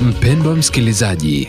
Mpendwa msikilizaji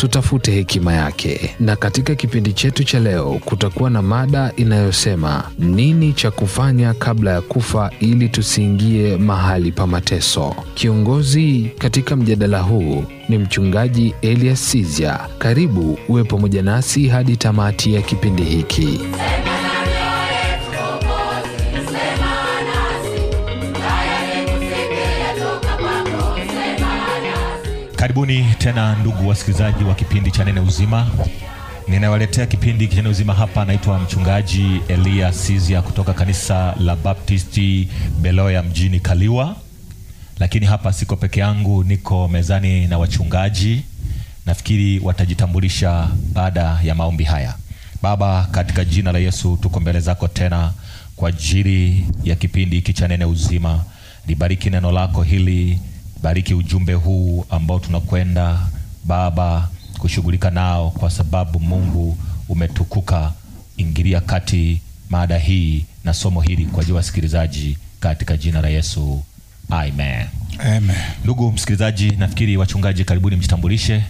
tutafute hekima yake. Na katika kipindi chetu cha leo kutakuwa na mada inayosema nini cha kufanya kabla ya kufa ili tusiingie mahali pa mateso. Kiongozi katika mjadala huu ni mchungaji Elias Sizia. Karibu uwe pamoja nasi hadi tamati ya kipindi hiki. Karibuni tena ndugu wasikilizaji wa kipindi cha Nene Uzima. Ninawaletea kipindi cha Nene Uzima hapa, naitwa mchungaji Elia Sizia kutoka kanisa la Baptisti Beloya mjini Kaliwa. Lakini hapa siko peke yangu, niko mezani na wachungaji. Nafikiri watajitambulisha baada ya maombi haya. Baba, katika jina la Yesu tuko mbele zako tena kwa ajili ya kipindi hiki cha Nene Uzima. Libariki neno lako hili bariki ujumbe huu ambao tunakwenda Baba kushughulika nao, kwa sababu Mungu umetukuka. Ingilia kati mada hii na somo hili kwa ajili ya wasikilizaji katika jina la Yesu, amen. Amen. Ndugu msikilizaji, nafikiri wachungaji, karibuni mjitambulishe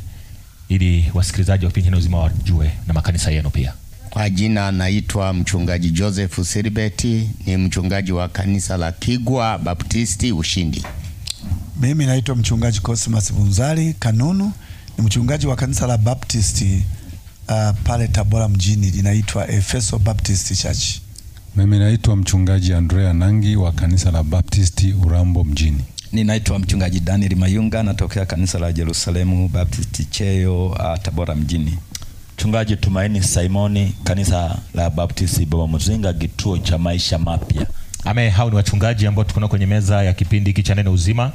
ili wasikilizaji wa pindi uzima wajue na makanisa yenu pia. Kwa jina naitwa mchungaji Joseph Silibeti, ni mchungaji wa kanisa la Kigwa Baptisti Ushindi. Mimi naitwa mchungaji Cosmas Bunzali Kanunu, ni mchungaji wa kanisa la Baptist uh, pale Tabora mjini linaitwa Efeso Baptist Church. Mimi naitwa mchungaji Andrea Nangi wa kanisa la Baptist Urambo mjini. Ninaitwa mchungaji Daniel Mayunga natokea kanisa la Jerusalemu Baptist Cheyo uh, Tabora mjini. Mchungaji Tumaini Simoni kanisa la Baptist Baba Mzinga kituo cha maisha mapya. Ame hao ni wachungaji ambao tuko kwenye meza ya kipindi hiki cha Neno Uzima.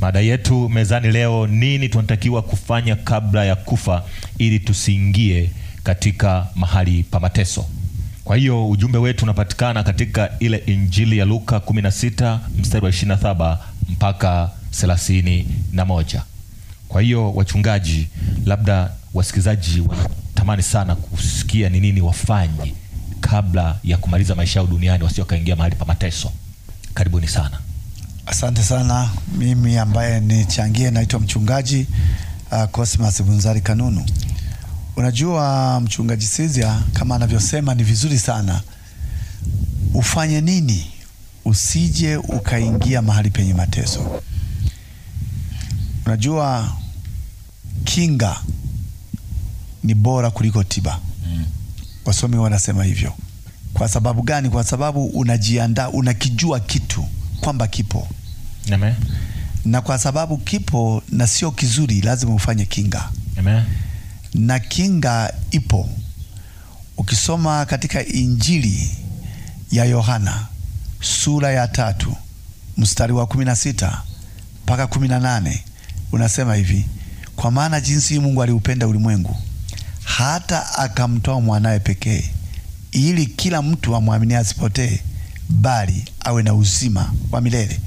Mada yetu mezani leo, nini tunatakiwa kufanya kabla ya kufa ili tusiingie katika mahali pa mateso. Kwa hiyo ujumbe wetu unapatikana katika ile Injili ya Luka 16 mstari wa 27 mpaka 31. Kwa hiyo wachungaji, labda wasikilizaji wanatamani sana kusikia ni nini wafanye kabla ya kumaliza maisha yao duniani, wasio mahali pa mateso. Karibuni sana. Asante sana. Mimi ambaye nichangie naitwa mchungaji uh, Cosmas Bunzari Kanunu. Unajua mchungaji Sizia kama anavyosema, ni vizuri sana ufanye nini usije ukaingia mahali penye mateso. Unajua kinga ni bora kuliko tiba, mm. wasomi wanasema hivyo. Kwa sababu gani? Kwa sababu unajiandaa, unakijua kitu kwamba kipo Amen. na kwa sababu kipo na sio kizuri, lazima ufanye kinga Amen. na kinga ipo. Ukisoma katika Injili ya Yohana sura ya tatu mstari wa kumi na sita mpaka kumi na nane unasema hivi: kwa maana jinsi Mungu aliupenda ulimwengu hata akamtoa mwanaye pekee, ili kila mtu amwamini asipotee, bali awe na uzima wa milele.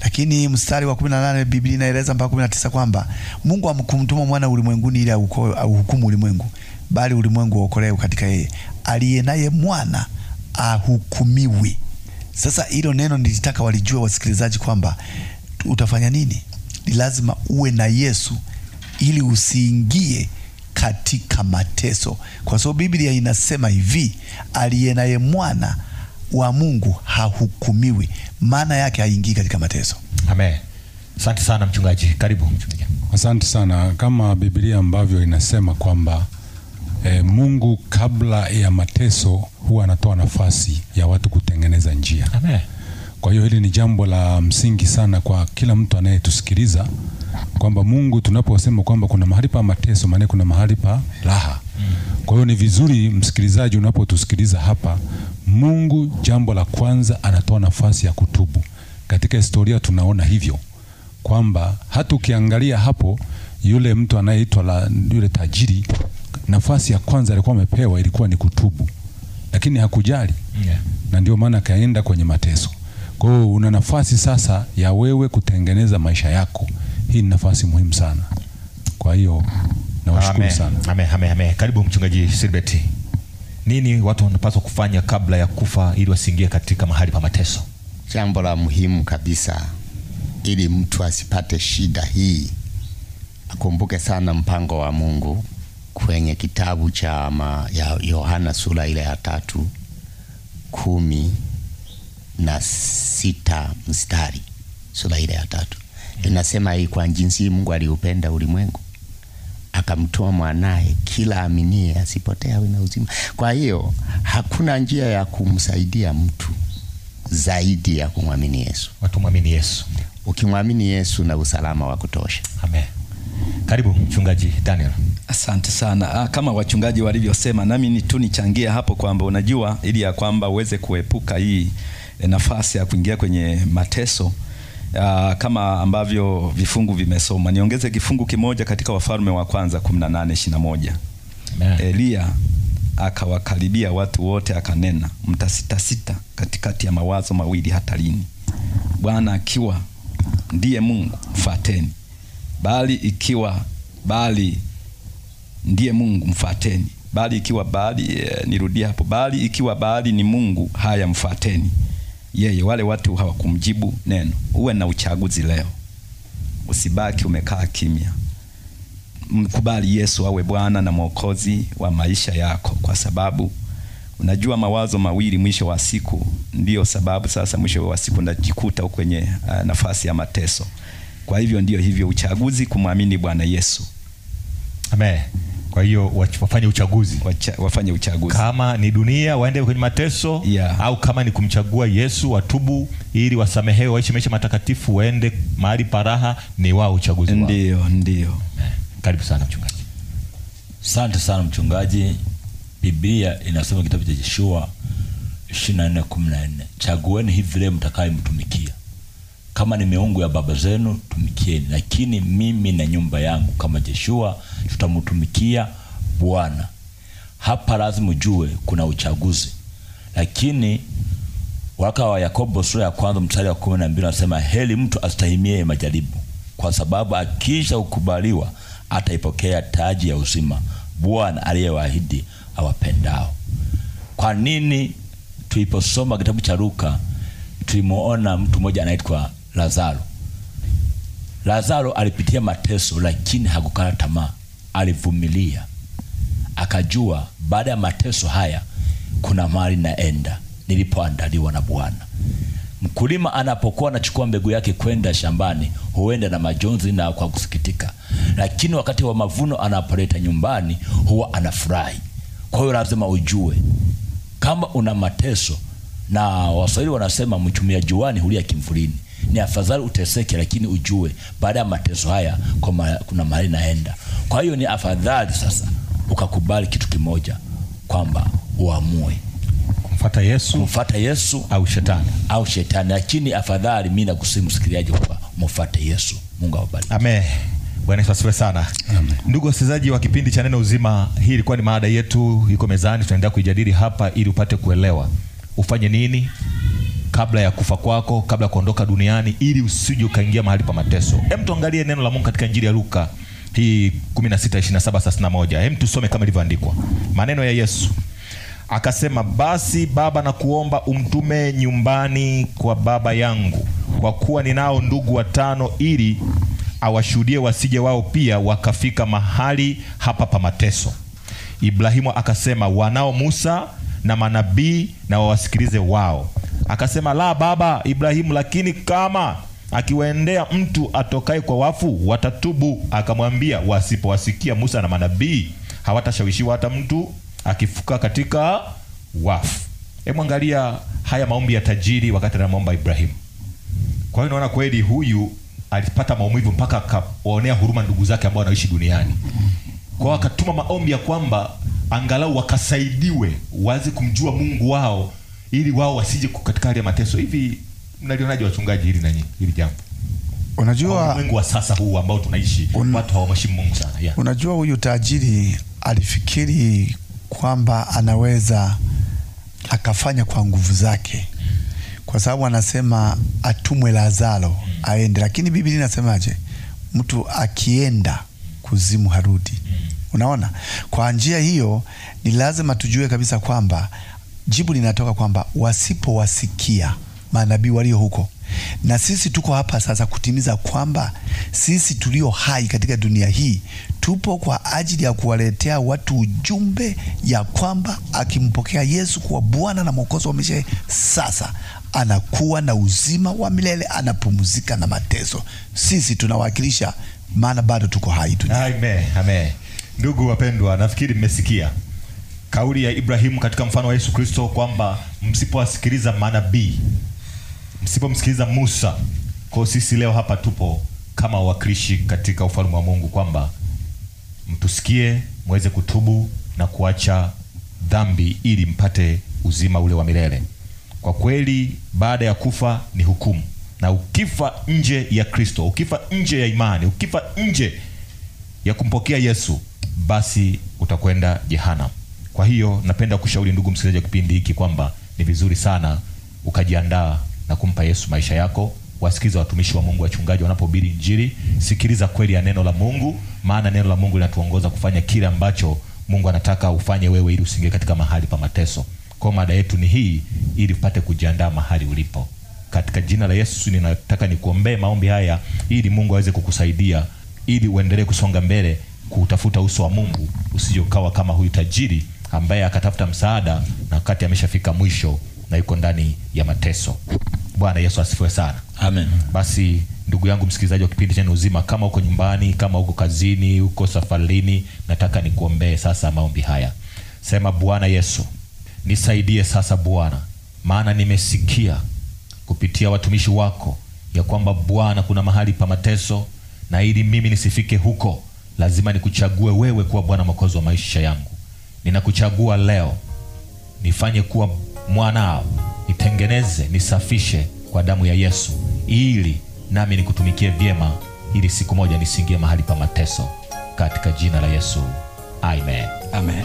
Lakini mstari wa 18 Biblia inaeleza mpaka 19 kwamba Mungu amkumtuma mwana ulimwenguni ili auhukumu ulimwengu, bali ulimwengu uokolewe katika yeye. Aliye naye mwana ahukumiwi. Sasa hilo neno nilitaka walijue wasikilizaji kwamba utafanya nini? Ni lazima uwe na Yesu ili usiingie katika mateso, kwa sababu Biblia inasema hivi, aliye naye mwana wa Mungu hahukumiwi, maana yake haingii katika mateso. Amen. Asante sana mchungaji, karibu mchungaji. Asante sana. Kama Biblia ambavyo inasema kwamba e, Mungu kabla ya mateso huwa anatoa nafasi ya watu kutengeneza njia. Amen. Kwa hiyo hili ni jambo la msingi sana kwa kila mtu anayetusikiliza kwamba Mungu tunaposema kwamba kuna mahali pa mateso, maana kuna mahali pa raha. Mm. Kwa hiyo ni vizuri msikilizaji, unapotusikiliza hapa, Mungu jambo la kwanza anatoa nafasi ya kutubu. Katika historia tunaona hivyo kwamba hata ukiangalia hapo, yule mtu anayeitwa la yule tajiri, nafasi ya kwanza alikuwa amepewa ilikuwa ni kutubu, lakini hakujali yeah. Na ndio maana kaenda kwenye mateso. Kwa hiyo una nafasi sasa ya wewe kutengeneza maisha yako. Hii ni nafasi muhimu sana. Kwa hiyo nawashukuru sana. Amen, amen, amen. Karibu mchungaji Silbeti. Nini watu wanapaswa kufanya kabla ya kufa ili wasiingie katika mahali pa mateso? Jambo la muhimu kabisa, ili mtu asipate shida hii, akumbuke sana mpango wa Mungu kwenye kitabu cha Yohana sura ile ya tatu kumi na sita mstari, sura ile ya tatu inasema hii, kwa jinsi Mungu aliupenda ulimwengu akamtoa mwanaye, kila aminie asipotee awe na uzima. Kwa hiyo hakuna njia ya kumsaidia mtu zaidi ya kumwamini Yesu. Watu Yesu. Ukimwamini Yesu na usalama wa kutosha. Amen. Karibu mchungaji Daniel. Asante sana. Ah, kama wachungaji walivyosema, nami ni tu nichangie hapo kwamba unajua, ili ya kwamba uweze kuepuka hii eh, nafasi ya kuingia kwenye mateso uh, kama ambavyo vifungu vimesoma. Niongeze kifungu kimoja katika Wafalme wa Kwanza 18:21. Eliya akawakaribia watu wote akanena, mtasitasita katikati ya mawazo mawili hata lini? Bwana akiwa ndiye Mungu mfateni, bali ikiwa bali ndiye Mungu mfateni, bali ikiwa bali, eh, nirudia hapo, bali ikiwa bali ni Mungu haya mfateni yeye, wale watu hawakumjibu neno. Uwe na uchaguzi leo, usibaki umekaa kimya. Mkubali Yesu awe Bwana na Mwokozi wa maisha yako, kwa sababu unajua mawazo mawili mwisho wa siku ndiyo sababu sasa mwisho wa siku ndajikuta kwenye uh, nafasi ya mateso. Kwa hivyo ndiyo hivyo uchaguzi kumwamini Bwana Yesu. Amen. Kwa hiyo wafanye uchaguzi Wacha, wafanye uchaguzi kama ni dunia waende kwenye mateso yeah. au kama ni kumchagua Yesu watubu ili wasamehewe waishi maisha matakatifu waende mahali paraha, ni wao uchaguzi wao. Ndio, ndio. Eh, karibu sana mchungaji. Asante sana mchungaji. Biblia inasema kitabu cha Yeshua 24:14, chagueni hivi leo mtakayemtumikia kama ni miungu ya baba zenu tumikieni, lakini mimi na nyumba yangu kama Jeshua tutamtumikia Bwana. Hapa lazima ujue kuna uchaguzi, lakini waraka wa Yakobo sura ya kwanza mstari wa kumi na mbili anasema heli mtu astahimie majaribu, kwa sababu akisha ukubaliwa ataipokea taji ya uzima Bwana aliyewaahidi awapendao. Kwa nini tuliposoma kitabu cha Luka tulimuona mtu mmoja anaitwa Lazaro. Lazaro alipitia mateso, lakini hakukata tamaa, alivumilia, akajua baada ya mateso haya kuna mahali naenda nilipoandaliwa na Bwana. Mkulima anapokuwa anachukua mbegu yake kwenda shambani, huenda na majonzi na kwa kusikitika, lakini wakati wa mavuno anapoleta nyumbani, huwa anafurahi. Kwa hiyo lazima ujue kama una mateso, na Waswahili wanasema mchumia juani hulia kimvulini. Ni afadhali uteseke, lakini ujue baada ya mateso haya kwa kuna mahali naenda. Kwa hiyo ni afadhali sasa ukakubali kitu kimoja kwamba uamue kumfuata Yesu, kumfuata Yesu au shetani, au shetani, lakini afadhali mimi nakusii msikiliaji kwamba mfuate Yesu. Mungu awabariki. Amen. Bwana Yesu asifiwe sana. Amen. Ndugu wasikilizaji wa kipindi cha Neno Uzima, hii ilikuwa ni maada yetu iko mezani, tunaendelea kuijadili hapa ili upate kuelewa ufanye nini kabla ya kufa kwako, kabla ya kuondoka duniani, ili usije ukaingia mahali pa mateso. Hem, tuangalie neno la Mungu katika Injili ya Luka hii 16:27-31. Hem, tusome kama ilivyoandikwa maneno ya Yesu. Akasema, basi Baba, nakuomba umtume nyumbani kwa baba yangu, kwa kuwa ninao ndugu watano, ili awashuhudie, wasije wao pia wakafika mahali hapa pa mateso. Ibrahimu akasema, wanao Musa na manabii, na wawasikilize wao. Akasema, la baba Ibrahimu, lakini kama akiwaendea mtu atokaye kwa wafu watatubu. Akamwambia, wasipowasikia Musa na manabii hawatashawishiwa hata mtu akifuka katika wafu. Hebu angalia haya maombi ya tajiri wakati anamwomba Ibrahimu. Kwa hiyo naona kweli huyu alipata maumivu mpaka akaonea huruma ndugu zake ambao wanaishi duniani. Kwa wakatuma maombi ya kwamba angalau wakasaidiwe wazi kumjua Mungu wao ili wao wasije katika hali ya mateso. Hivi mnalionaje wachungaji, hili nanyi hili jambo? Unajua Mungu wa sasa huu ambao tunaishi un... watu hawamheshimu Mungu sana yeah. Unajua huyu tajiri alifikiri kwamba anaweza akafanya kwa nguvu zake, kwa sababu anasema atumwe Lazaro aende, lakini Biblia inasemaje? Mtu akienda kuzimu harudi. Unaona, kwa njia hiyo ni lazima tujue kabisa kwamba jibu linatoka kwamba wasipowasikia manabii walio huko, na sisi tuko hapa sasa kutimiza kwamba sisi tulio hai katika dunia hii tupo kwa ajili ya kuwaletea watu ujumbe ya kwamba akimpokea Yesu kuwa Bwana na Mwokozi wa maisha sasa anakuwa na uzima wa milele, anapumzika na mateso. Sisi tunawakilisha, maana bado tuko hai dunia. Amen, amen. Ndugu wapendwa, nafikiri mmesikia kauli ya Ibrahimu katika mfano wa Yesu Kristo kwamba msipowasikiliza manabii, msipomsikiliza Musa. Kwa sisi leo hapa tupo kama wawakilishi katika ufalme wa Mungu, kwamba mtusikie muweze kutubu na kuacha dhambi ili mpate uzima ule wa milele. Kwa kweli, baada ya kufa ni hukumu, na ukifa nje ya Kristo, ukifa nje ya imani, ukifa nje ya kumpokea Yesu, basi utakwenda jehanamu. Kwa hiyo napenda kushauri ndugu msikilizaji wa kipindi hiki kwamba ni vizuri sana ukajiandaa na kumpa Yesu maisha yako. Wasikiza watumishi wa Mungu, wachungaji wanapohubiri Injili, sikiliza kweli ya neno la Mungu, maana neno la Mungu linatuongoza kufanya kile ambacho Mungu anataka ufanye wewe, ili usiingie katika mahali pa mateso. Kwa mada yetu ni hii, ili upate kujiandaa mahali ulipo. Katika jina la Yesu ninataka nikuombee maombi haya, ili Mungu aweze kukusaidia, ili uendelee kusonga mbele, kutafuta uso wa Mungu, usije ukawa kama huyu tajiri ambaye akatafuta msaada na wakati ameshafika mwisho na yuko ndani ya mateso. Bwana Yesu asifiwe sana. Amen. Basi ndugu yangu msikilizaji wa kipindi chenye Uzima, kama uko nyumbani, kama uko kazini, uko safarini, nataka nikuombee sasa maombi haya. Sema, Bwana Yesu nisaidie sasa Bwana, maana nimesikia kupitia watumishi wako ya kwamba Bwana, kuna mahali pa mateso, na ili mimi nisifike huko, lazima nikuchague wewe kuwa Bwana Mwokozi wa maisha yangu ninakuchagua leo, nifanye kuwa mwanao, nitengeneze, nisafishe kwa damu ya Yesu, ili nami nikutumikie vyema, ili siku moja nisingie mahali pa mateso, katika jina la Yesu, amen, amen.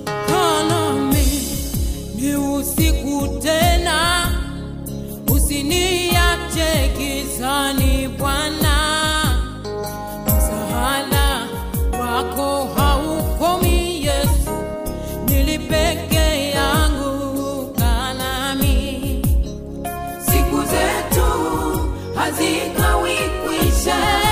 hazitawi kwisha